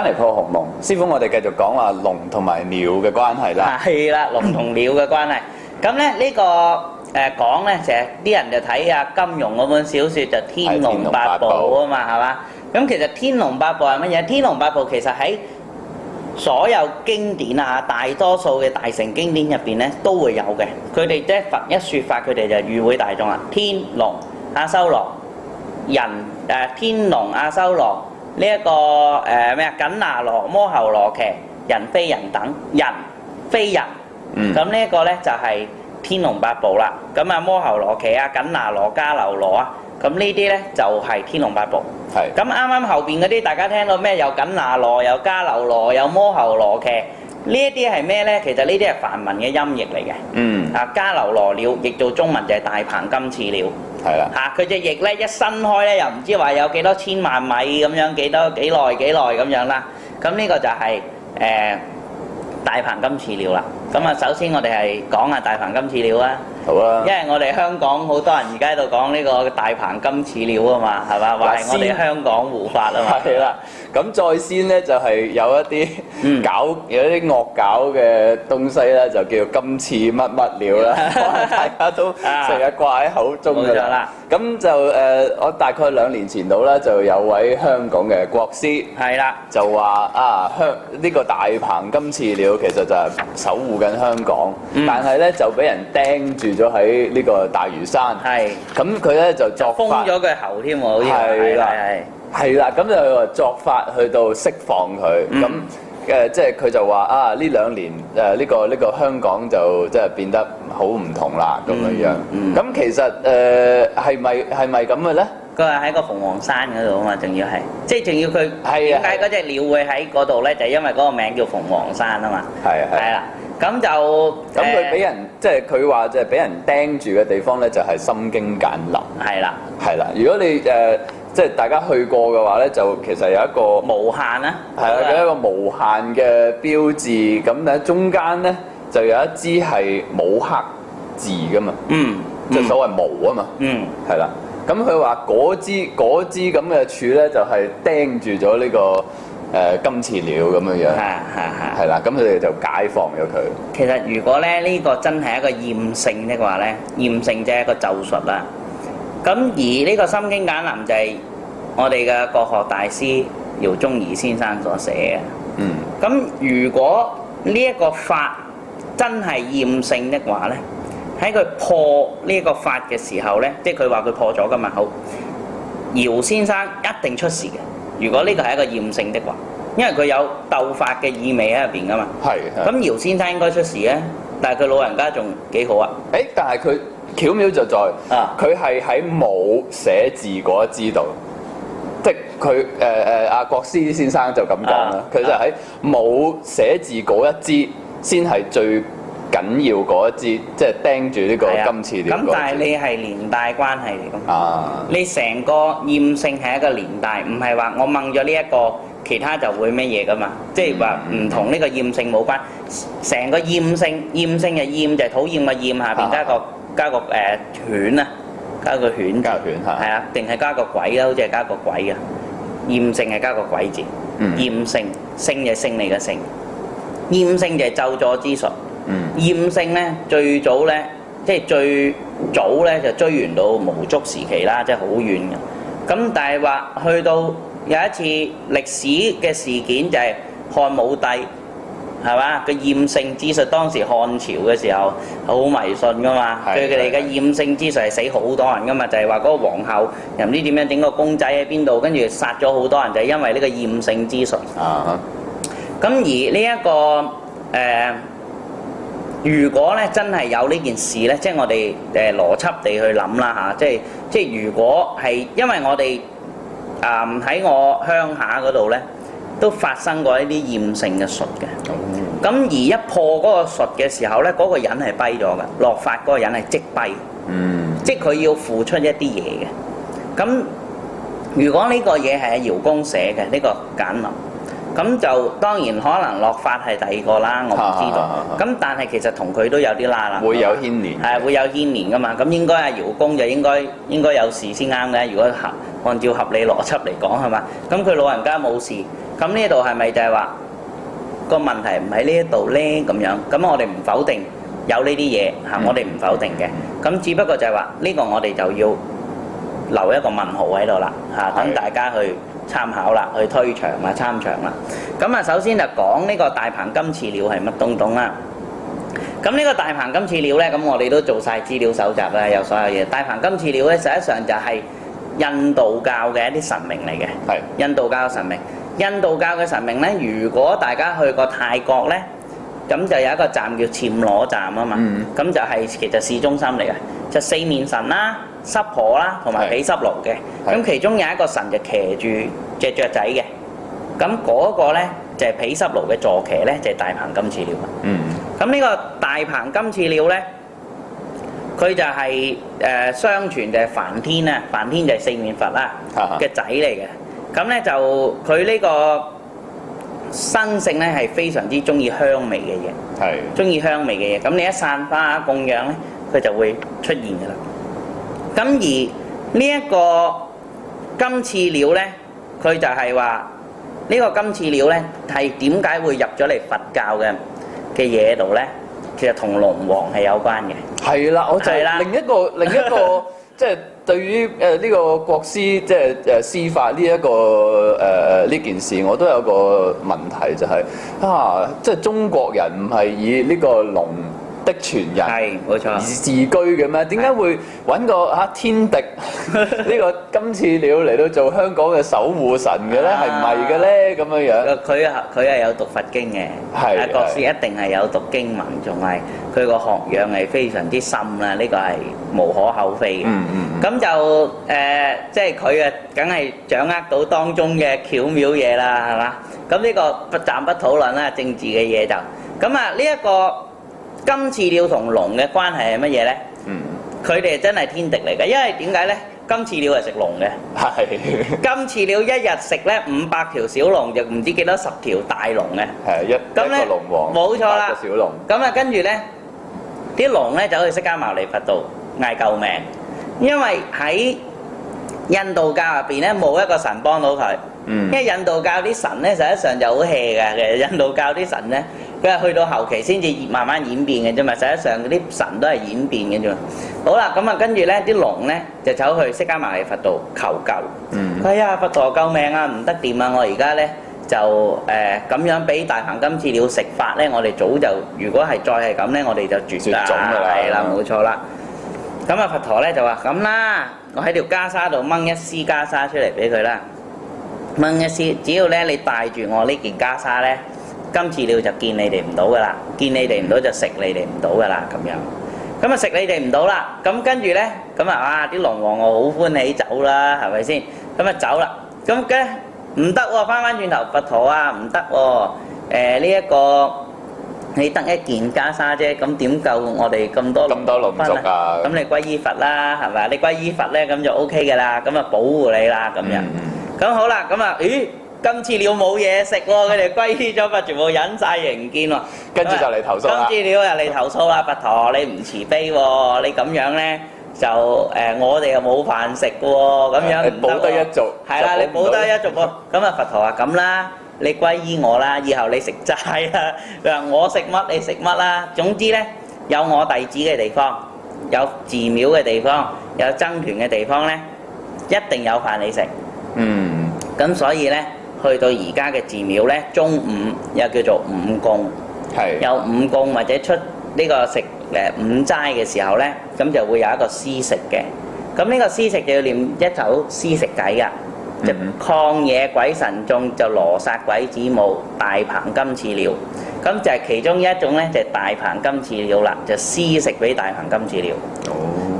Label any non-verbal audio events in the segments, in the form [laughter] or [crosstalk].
翻嚟破鴻蒙，師傅，我哋繼續講話龍同埋鳥嘅關係啦。係啦，龍同鳥嘅關係。咁咧呢、這個誒講咧，其實啲人就睇下金庸嗰本小説就是《天龍八部》啊嘛，係嘛？咁其實天龍《天龍八部》係乜嘢？《天龍八部》其實喺所有經典啊，大多數嘅大乘經典入邊咧都會有嘅。佢哋即係佛一説法，佢哋就與會大眾啊。天龍阿修羅人誒、呃，天龍阿修羅。人天呢一、這個誒咩啊？緊、呃、拿羅、摩侯羅騎、人非人等，人非人，咁、嗯、呢一個咧就係、是、天龍八部啦。咁啊，摩侯羅騎啊，緊拿羅加流羅啊，咁呢啲咧就係、是、天龍八部。係是。咁啱啱後邊嗰啲，大家聽到咩？有緊拿羅、有加流羅、有摩侯羅騎，呢一啲係咩咧？其實呢啲係梵文嘅音譯嚟嘅。嗯。啊，加流羅鳥，譯做中文就係大鵬金翅鳥。係啦，嚇佢隻翼呢一伸開呢，又唔知話有幾多千萬米咁樣，幾多幾耐幾耐咁樣啦，咁呢個就係、是呃、大鵬金翅鳥啦。咁啊，首先我哋係講下大鵬金翅鳥啊，好啊，因為我哋香港好多人而家喺度講呢個大鵬金翅鳥啊嘛，係嘛？話我哋香港護法啊嘛。係啦，咁再先咧就係有一啲搞有一啲惡搞嘅東西咧，就叫金翅乜乜鳥啦，大家都成日掛喺口中㗎啦。冇錯啦。咁就誒，我大概兩年前度咧就有位香港嘅國師係啦，就話啊香呢個大鵬金翅鳥其實就係守護。喺香港，但係咧就俾人釘住咗喺呢個大嶼山。係。咁佢咧就作法封咗佢喉添喎，好似係。係啦。係啦。咁就作法去到釋放佢。咁誒，即係佢就話啊，呢兩年誒呢個呢個香港就即係變得好唔同啦咁樣樣。咁其實誒係咪係咪咁嘅咧？佢係喺個鳳凰山嗰度啊嘛，仲要係。即係仲要佢點解嗰隻鳥會喺嗰度咧？就因為嗰個名叫鳳凰山啊嘛。係係。係啦。咁就咁佢俾人即係佢話即係俾人釘住嘅地方咧，就係、是、心經簡林。係啦的，係啦。如果你誒、呃、即係大家去過嘅話咧，就其實有一個無限啦。係啦，有一個無限嘅標誌。咁咧中間咧就有一支係冇刻字噶嘛。嗯，即係所謂冇啊嘛。嗯，係啦。咁佢話嗰支嗰支咁嘅柱咧，就係釘住咗呢個。誒金翅鳥咁樣樣，係係係，係啦，咁佢哋就解放咗佢。其實如果咧呢個真係一個厭勝的話咧，厭勝就係一個咒術啦。咁而呢個《心經簡林》就係我哋嘅國學大師饒宗頤先生所寫嘅。嗯。咁如果呢一個法真係厭勝的話咧，喺佢破呢個法嘅時候咧，即係佢話佢破咗㗎嘛，好，饒先生一定出事嘅。如果呢個係一個驗性的話，因為佢有鬥法嘅意味喺入邊㗎嘛。係係。咁姚先生應該出事咧，但係佢老人家仲幾好啊？誒、欸，但係佢巧妙就在，佢係喺冇寫字嗰一支度，啊、即係佢誒誒阿國師先生就咁講啦，佢、啊、就喺冇寫字嗰一支先係最緊要嗰一支，即係釘住呢個今次嘅。咁但係你係連帶關係嚟嘅。啊！你成個厭勝係一個連帶，唔係話我掹咗呢一個，其他就會咩嘢噶嘛？即係話唔同呢個厭勝冇關，成個厭勝厭勝嘅厭就係討厭啊，厭下邊加個加個誒犬啊，加個犬加犬嚇，係啊，定係加個鬼啊？好似係加個鬼啊！厭勝係加個鬼字，厭勝，勝就係勝利嘅勝，厭勝就係咒助之術。嗯、厭勝咧最早咧即係最早咧就追源到巫祝時期啦，即係好遠嘅。咁但係話去到有一次歷史嘅事件就係、是、漢武帝係咪個厭勝之術，當時漢朝嘅時候好迷信㗎嘛，對佢哋嘅厭勝之術係死好多人㗎嘛，的就係話嗰個皇后又唔知點樣整個公仔喺邊度，跟住殺咗好多人就係、是、因為呢個厭勝之術。啊、嗯！咁、嗯、而呢、這、一個誒。呃如果咧真係有呢件事咧，即係我哋誒邏輯地去諗啦嚇，即係即係如果係因為我哋啊喺我鄉下嗰度咧，都發生過一啲厭性嘅術嘅。咁、嗯，而一破嗰個術嘅時候咧，嗰、嗰個人係跛咗嘅，落髮嗰個人係即跛。嗯。即係佢要付出一啲嘢嘅。咁，如果呢個嘢係饒公寫嘅呢、呢個簡林。咁就當然可能落法係第二個啦，我唔知道。咁但係其實同佢都有啲罅啦，會有牽連，係會有牽連㗎嘛。咁應該阿姚公就應該應該有事先啱嘅。如果合按照合理邏輯嚟講係嘛，咁佢老人家冇事，咁呢度係咪就係話個問題唔喺呢一度呢？咁樣咁我哋唔否定有呢啲嘢吓，嗯、我哋唔否定嘅。咁只不過就係話呢個我哋就要留一個問號喺度啦吓，等是大家去。參考啦，去推場啦，參場啦。咁啊，首先就講呢個大鵬金翅鳥係乜東東啦。咁呢個大鵬金翅鳥呢，咁我哋都做晒資料搜集啦，有所有嘢。大鵬金翅鳥呢，實際上就係印度教嘅一啲神明嚟嘅。係是。印度教神明。印度教嘅神明呢，如果大家去過泰國呢，咁就有一個站叫暹羅站啊嘛。嗯。咁就係、是、其實市中心嚟嘅，就是、四面神啦。濕婆啦，同埋毗濕盧嘅，咁的其中有一個神就騎住隻雀仔嘅，咁嗰個呢就係毗濕盧嘅坐騎呢，就係、是、大鵬金翅鳥。嗯，咁呢個大鵬金翅鳥呢，佢就係、是、誒、呃、相傳就係梵天啊，梵天就係四面佛啦嘅仔嚟嘅，咁呢、啊啊，就佢呢個生性呢，係非常之中意香味嘅嘢，中意的香味嘅嘢，咁你一散花供養呢，佢就會出現㗎喇。咁而呢一個金翅鳥呢，佢就係話呢個金翅鳥呢，係點解會入咗嚟佛教嘅嘅嘢度呢？其實同龍王係有關嘅。係啦，我就係啦，另一個另一個，即係是的、 [laughs] 就是、對於誒呢個國師即係誒司法呢、這、一個誒呢、呃、件事，我都有個問題就係、是、啊，即、就、係、是、中國人唔係以呢個龍的傳人係冇錯，自居嘅咩？點解會揾個嚇是、啊、天敵呢、 [laughs] 這個？今次你要嚟到做香港嘅守護神嘅咧，係唔係嘅咧？咁樣樣，佢係佢係有讀佛經嘅，係國師一定係有讀經文，仲係佢個學養係非常之深啦。呢、這個係無可厚非嘅、嗯。嗯嗯。咁就誒、呃，即係佢嘅，梗係掌握到當中嘅巧妙嘢啦，係嘛？咁呢個暫不，不討論啦，政治嘅嘢就咁啊！呢一、這個金翅鳥同龍嘅關係係乜嘢呢？嗯，佢哋真係天敵嚟嘅，因為點解呢？金翅鳥係食龍嘅，係是 [laughs] 金翅鳥一日食咧五百條小龍，就唔知幾多十條大龍嘅。係一,一個龍王，冇錯啦，五百條小龍。咁啊，跟住呢啲龍呢，走去釋迦牟尼佛度嗌救命，因為喺印度教入邊呢，冇一個神幫到佢。嗯，因為印度教啲神呢，實質上就好 hea 㗎，其實印度教啲神呢。佢係去到後期先至慢慢演變嘅啫嘛，實際上嗰啲神都係演變嘅啫嘛。好啦，咁啊，跟住咧，啲龍咧就走去釋迦牟尼佛度求救。嗯。哎呀，佛陀救命啊！唔得掂啊！我而家咧就誒咁樣俾大鵬金翅鳥食法咧，我哋早就如果係再係咁咧，我哋就絕啦。絕種㗎啦，係啦，冇錯啦。咁啊，佛陀咧就話：咁啦，我喺條袈裟度掹一絲袈裟出嚟俾佢啦，掹一絲，只要咧你戴住我呢件袈裟咧。今次了就見你哋唔到噶啦，見你哋唔到就食你哋唔到噶啦咁樣。咁啊食你哋唔到啦，咁跟住咧，咁啊哇啲龍王我好歡喜走啦，係咪先？咁啊走啦，咁嘅唔得喎，翻翻轉頭佛陀啊唔得喎，誒呢一個你得一件袈裟啫，咁點救我哋咁多咁多龍族㗎？咁你皈依佛啦，係咪？你皈依佛咧咁就 O K 噶啦，咁啊保護你啦咁樣。咁好啦，咁啊咦？今次鳥冇嘢食喎，佢哋歸依咗佛，全部忍曬形見喎。跟住就嚟投訴啦。今次鳥又嚟投訴啦，佛陀你唔慈悲喎，你咁樣咧就誒，我哋又冇飯食嘅喎，咁樣。一族係啦，你保得一族喎。咁啊，佛陀話咁啦，你歸依我啦，以後你食齋啦。佢話，我食乜你食乜啦。總之咧，有我弟子嘅地方，有寺廟嘅地方，有僧團嘅地方咧，一定有飯你食。嗯。咁所以咧。去到而家嘅寺廟呢，中午又叫做午供，的有午供或者出呢個食誒、呃、午齋嘅時候呢，咁就會有一個施食嘅。咁呢個施食就要念一組施食偈噶，嗯、就曠野鬼神眾，就羅剎鬼子母，大鵬金翅鳥。咁就係其中一種呢，就係、大鵬金翅鳥啦，就施食俾大鵬金翅鳥。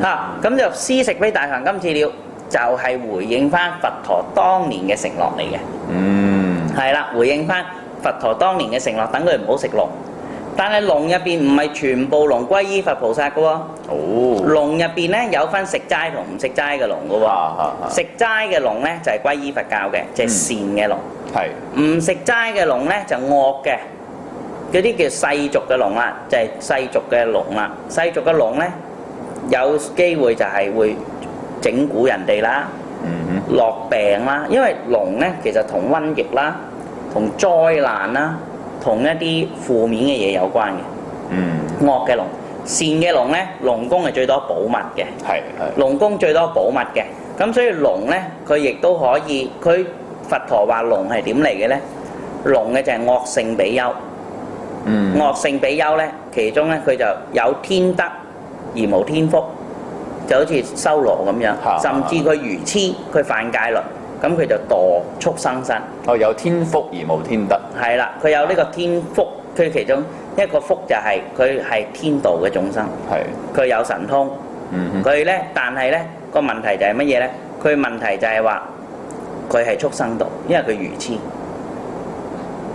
嚇、哦，咁就施食俾大鵬金翅鳥。就係回應翻佛陀當年嘅承諾嚟嘅，嗯，係啦，回應翻佛陀當年嘅承諾，等佢唔好食龍。但係龍入邊唔係全部龍歸依佛菩薩嘅喎，哦，龍入邊咧有分食齋同唔食齋嘅龍嘅喎，啊啊啊、食齋嘅龍咧就係歸依佛教嘅，即、就、係、是、善嘅龍，係唔、嗯、食齋嘅龍咧就惡嘅，嗰啲叫世俗嘅龍啦，就係、是、世俗嘅龍啦，世俗嘅龍咧有機會就係會。整蠱人哋啦，嗯、落病啦，因為龍咧其實同瘟疫啦、同災難啦、同一啲負面嘅嘢有關嘅。惡嘅龍，善嘅龍咧，龍宮係最多寶物嘅。係係。龍宮最多寶物嘅，咁所以龍咧佢亦都可以，佢佛陀話龍係點嚟嘅咧？龍嘅就係惡性比丘。嗯。惡性比丘咧，其中咧佢就有天德而無天福。就好似修羅咁樣，啊、甚至佢愚痴，佢犯戒律，咁佢就墮畜生身。哦，有天福而無天德。係啦，佢有呢個天福，佢其中一個福就係佢係天道嘅眾生，佢的有神通。佢咧、嗯哼，但係咧個問題就係乜嘢咧？佢問題就係話佢係畜生道，因為佢愚痴、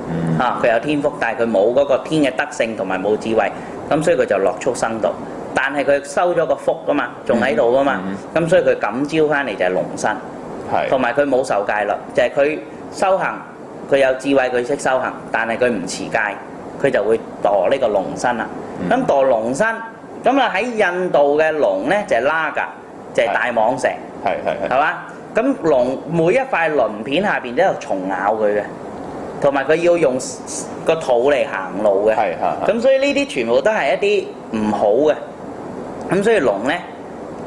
嗯、啊，佢有天福，但係佢冇嗰個天嘅德性同埋冇智慧，咁所以佢就落畜生道。但係佢收咗個福噶嘛，仲喺度噶嘛，咁所以佢感召翻嚟就係龍身，同埋佢冇受戒律，就係佢修行，佢有智慧佢識修行，但係佢唔持戒，佢就會墮呢個龍身啦。咁墮龍身，咁啊喺印度嘅龍咧就係拉格，就係大蟒蛇，係係係，係嘛？咁龍每一塊鱗片下面都有蟲咬佢嘅，同埋佢要用個肚嚟行路嘅，係係。咁所以呢啲全部都係一啲唔好嘅。咁所以龍呢，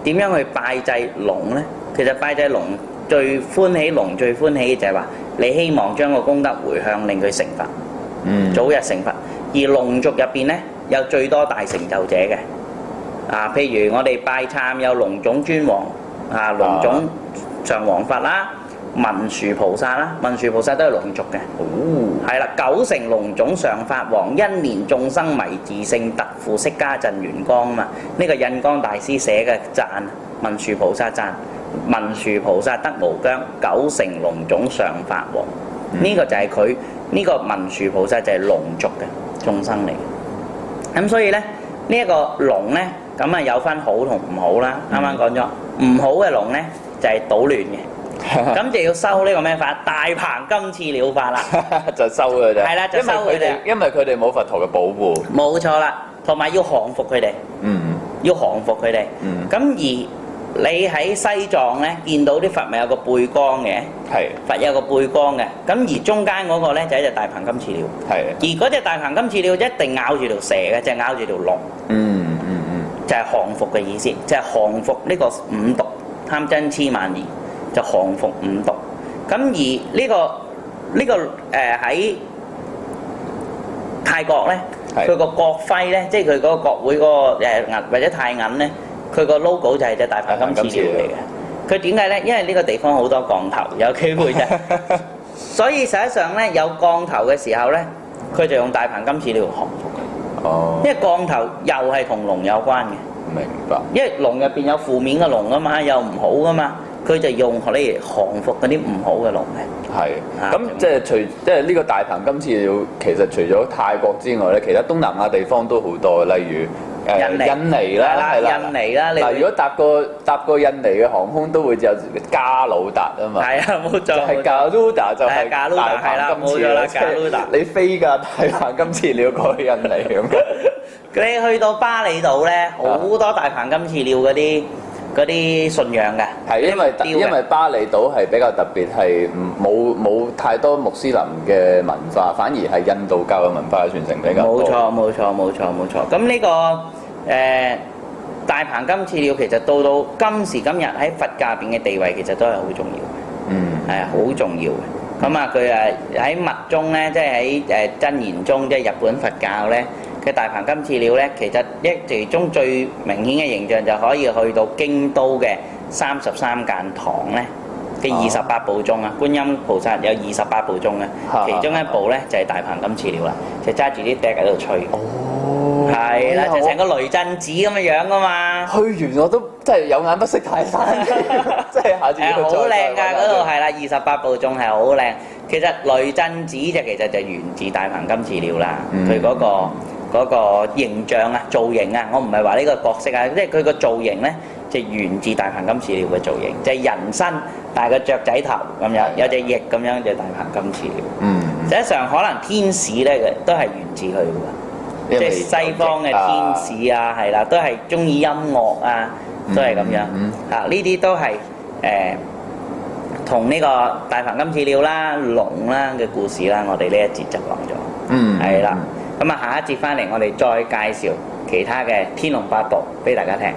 點樣去拜祭龍呢？其實拜祭龍最歡喜龍最歡喜就係話，你希望將個功德回向令佢成佛，嗯、早日成佛。而龍族入邊呢，有最多大成就者嘅。啊，譬如我哋拜懺有龍種尊王，啊龍種上王佛啦。哦文殊菩薩啦，文殊菩薩都係龍族嘅，係啦、哦，九成龍種上法王，因憐眾生迷自性，特赴釋迦鎮元光啊嘛。呢、這個印光大師寫嘅讚文殊菩薩讚，文殊菩薩德無疆，九成龍種上法王。呢、嗯、個就係佢呢個文殊菩薩就係龍族嘅眾生嚟。咁、嗯、所以呢，呢、這、一個龍呢，咁啊有分好同唔好啦。啱啱講咗唔好嘅龍呢，就係搗亂嘅。咁 [laughs] 就要收呢個咩法？大鵬金翅鳥法啦， [laughs] 就收佢啫。係啦，就收佢哋，因為佢哋冇佛陀嘅保護。冇錯啦，同埋要降服佢哋。嗯。要降服佢哋。嗯。咁而你喺西藏咧，見到啲佛咪有個背光嘅？係的。佛有個背光嘅，咁而中間嗰個咧就係、是、隻大鵬金翅鳥。係的。而嗰隻大鵬金翅鳥一定咬住條蛇嘅，即係咬住條龍。嗯嗯嗯就係降服嘅意思，就係、是、降服呢個五毒貪嗔痴慢、痴慢疑。就降服五毒。咁而呢、呢個呢、呢個誒喺、呃、泰國咧，佢個是國徽咧，即係佢嗰個國會個誒、呃、銀或者泰銀咧，佢個 logo 就係隻大鵬金翅嚟嘅。佢點解咧？因為呢個地方好多降頭，有機會嘅。 [laughs] 所以實際上咧，有降頭嘅時候咧，佢就用大鵬金翅嚟降服。哦。因為降頭又係同龍有關嘅。明白。因為龍入邊有負面嘅龍啊嘛，又唔好噶嘛。 [laughs] [laughs] 佢就用嗰啲降服嗰啲唔好嘅龍嘅。係，咁即係除即係呢個大鵬金翅鳥，其實除咗泰國之外咧，其他東南亞地方都好多，例如印尼啦，印尼啦。你。嗱，如果搭過搭過印尼嘅航空都會有加魯達啊嘛。係啊，冇錯。就係加魯達就係大鵬。係啦，冇錯啦，加魯達。你飛架大鵬金翅鳥過去印尼咁。你去到巴厘島咧，好多大鵬金翅鳥嗰啲。嗰啲信仰嘅，係，因為因為巴厘島係比較特別，係唔冇冇太多穆斯林嘅文化，反而係印度教嘅文化嘅傳承比較多。冇錯冇錯冇錯冇錯。咁呢個誒大鵬金翅鳥其實到到今時今日喺佛教入邊嘅地位其實都係好重要，嗯係好重要嘅。咁啊佢啊喺密宗咧，即係喺誒真言宗，即係日本佛教咧。嘅大鵬金翅鳥咧，其實一其中最明顯嘅形象，就可以去到京都嘅三十三間堂咧嘅二十八部眾啊，觀音菩薩有二十八部眾啊，其中一部咧就係大鵬金翅鳥啦，就揸住啲笛喺度吹，哦，係啦，就成個雷震子咁嘅樣噶嘛。去完我都真係有眼不識泰山，真係下次去再。係啊，好靚噶嗰度係啦，二十八部眾係好靚。其實雷震子就其實就源自大鵬金翅鳥啦，佢嗰個。嗰個形象啊、造型啊，我唔係話呢個角色啊，即係佢個造型呢，就是、源自大鵬金翅鳥嘅造型，就係、是、人身，大個雀仔頭咁樣，的有隻翼咁樣就是、大鵬金翅鳥。嗯，實際上可能天使呢，都係源自佢即係西方嘅天使啊，係啦、啊，都係鍾意音樂啊，嗯、都係咁樣嗯。嗯，呢啲、啊、都係誒，同、呃、呢個大鵬金翅鳥啦、龍啦嘅故事啦，我哋呢一節就講咗。了嗯，係啦。咁啊，下一節翻嚟，我哋再介紹其他嘅《天龍八部》俾大家聽。